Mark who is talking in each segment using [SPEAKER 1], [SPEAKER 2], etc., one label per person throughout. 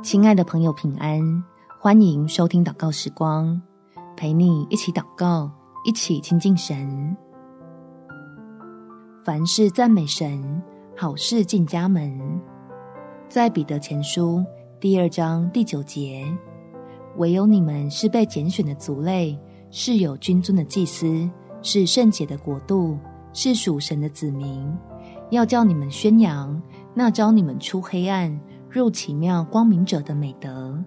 [SPEAKER 1] 親愛的朋友，平安！歡迎收聽禱告時光，陪你一起禱告，一起親近神。凡事讚美神，好事進家門。在彼得前書第二章第九節，唯有你們是被揀選的族類，是有君尊的祭司，是聖潔的國度，是屬神的子民。要叫你們宣揚那召你們出黑暗，入奇妙光明者的美德。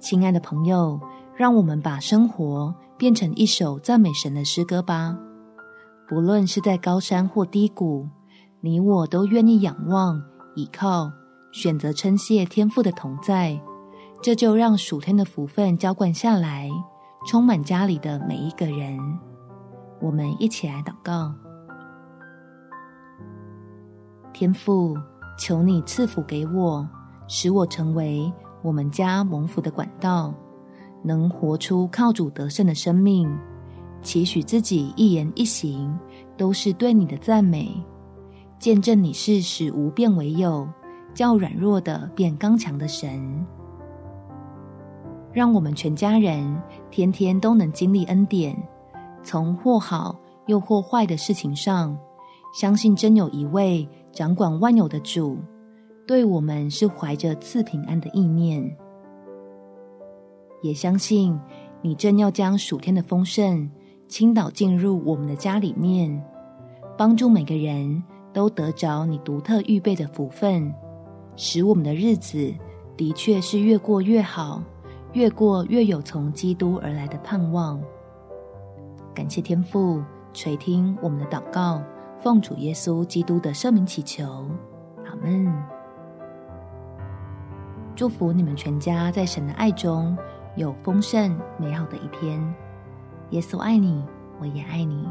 [SPEAKER 1] 親愛的朋友，讓我們把生活變成一首讚美神的詩歌吧。不論是在高山或低谷，你我都願意仰望、倚靠，選擇稱謝天父的同在。這就讓屬天的福分澆灌下來，充滿家裡的每一個人。我們一起來禱告。天父，求你賜福給我，使我成為我們家蒙福的管道，能活出靠主得勝的生命，期許自己一言一行都是對你的讚美，見證你是使無變為有，叫軟弱的變剛強的神，讓我們全家人天天都能經歷恩典，從或好又或壞的事情上。相信真有一位掌管萬有的主，對我們是懷着賜平安的意念。也相信你正要將屬天的豐盛傾倒進入我們的家裡面，幫助每個人都得着你獨特預備的福分，使我們的日子的確是越過越好，越過越有從基督而來的盼望。感謝天父垂聽我們的禱告。奉主耶穌基督的聖名祈求，阿門。祝福你們全家在神的愛中有豐盛美好的一天。耶穌愛你，我也愛你。